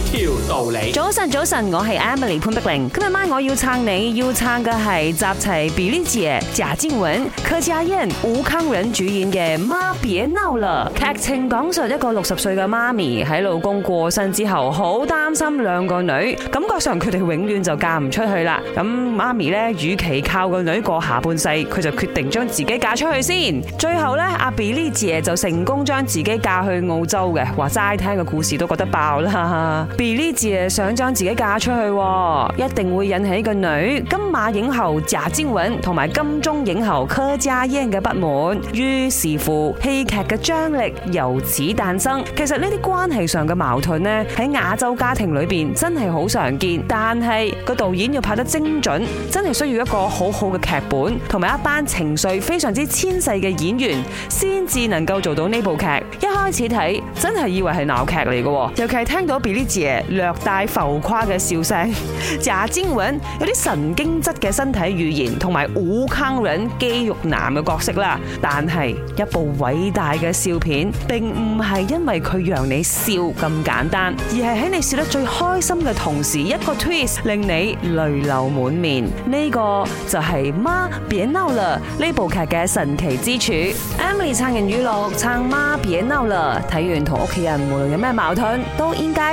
條道理。早晨，早晨，我係 Emily 潘碧玲。今日晚我要撐你要撐嘅係集齊 Billie 姐賈靜雯、柯佳嬿、吳慷仁主演嘅《媽別嬲啦》了。劇情講述一個六十歲嘅媽咪喺老公過身之後，好擔心兩個女，感覺上佢哋永遠就嫁唔出去啦。咁媽咪咧，與其靠個女過下半世，佢就決定將自己嫁出去先。最後咧，阿 Billie 姐就成功將自己嫁去澳洲嘅。話齋聽個故事都覺得爆啦。Billie 姐想將自己嫁出去，一定會引起個女金馬影后賈靜雯同埋金鐘影后柯佳嬿嘅不滿。於是乎，戲劇嘅張力由此誕生。其實呢啲關係上嘅矛盾呢，喺亞洲家庭裏邊真係好常見。但係個導演要拍得精準，真係需要一個好好嘅劇本，同埋一班情緒非常之纖細嘅演員，先至能夠做到呢部劇。一開始睇真係以為係鬧劇嚟嘅，尤其係聽到 Billie。Bilice 嘢略帶浮誇嘅笑聲，炸尖韻有啲神經質嘅身體語言，同埋烏坑韻肌肉男嘅角色啦。但係一部偉大嘅笑片，並唔係因為佢讓你笑咁簡單，而係喺你笑得最開心嘅同時，一個 twist 令你淚流滿面。呢個就係《媽，別嬲啦》呢部劇嘅神奇之處。Emily 撐人語錄，撐媽，別嬲啦！睇完同屋企人無論有咩矛盾，都應該。